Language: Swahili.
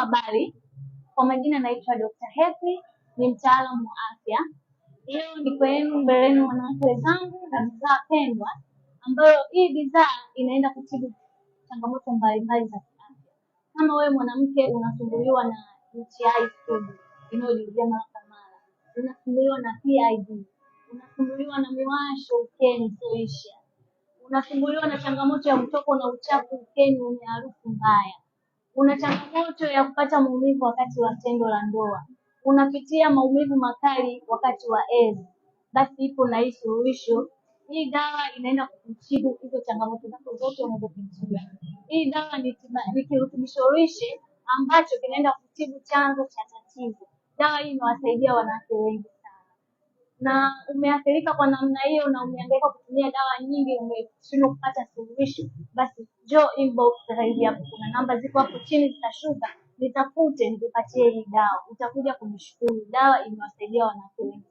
Habari, kwa majina naitwa Dr. Hefi, ni mtaalamu wa afya. Leo ni yenu mbeleni wanawake wenzangu na bidhaa pendwa, ambayo hii bidhaa inaenda kutibu changamoto mbalimbali za kiafya. Kama wewe mwanamke unasumbuliwa na UTI sugu inayojirudia mara kwa mara, unasumbuliwa na PID, unasumbuliwa na miwasho ukeni isiyoisha, unasumbuliwa na changamoto ya mtoko na uchafu ukeni wenye harufu mbaya Una changamoto ya kupata maumivu wakati wa tendo la ndoa, unapitia maumivu makali wakati wa hedhi, basi ipo na hii suluhisho. Hii dawa inaenda kukutibu hizo changamoto zako zote unazopitia. Hii dawa ni kirutubisho lishe ambacho kinaenda kutibu chanzo cha tatizo. Dawa hii imewasaidia wanawake wengi sana, na umeathirika kwa namna hiyo na umeangaika kutumia dawa nyingi, umeshindwa kupata suluhisho, basi njoo inbox zaidi hapo, kuna namba ziko hapo chini zitashuka, nitafute, nipatie hii dawa, utakuja kunishukuru. Dawa imewasaidia wanawake wengi.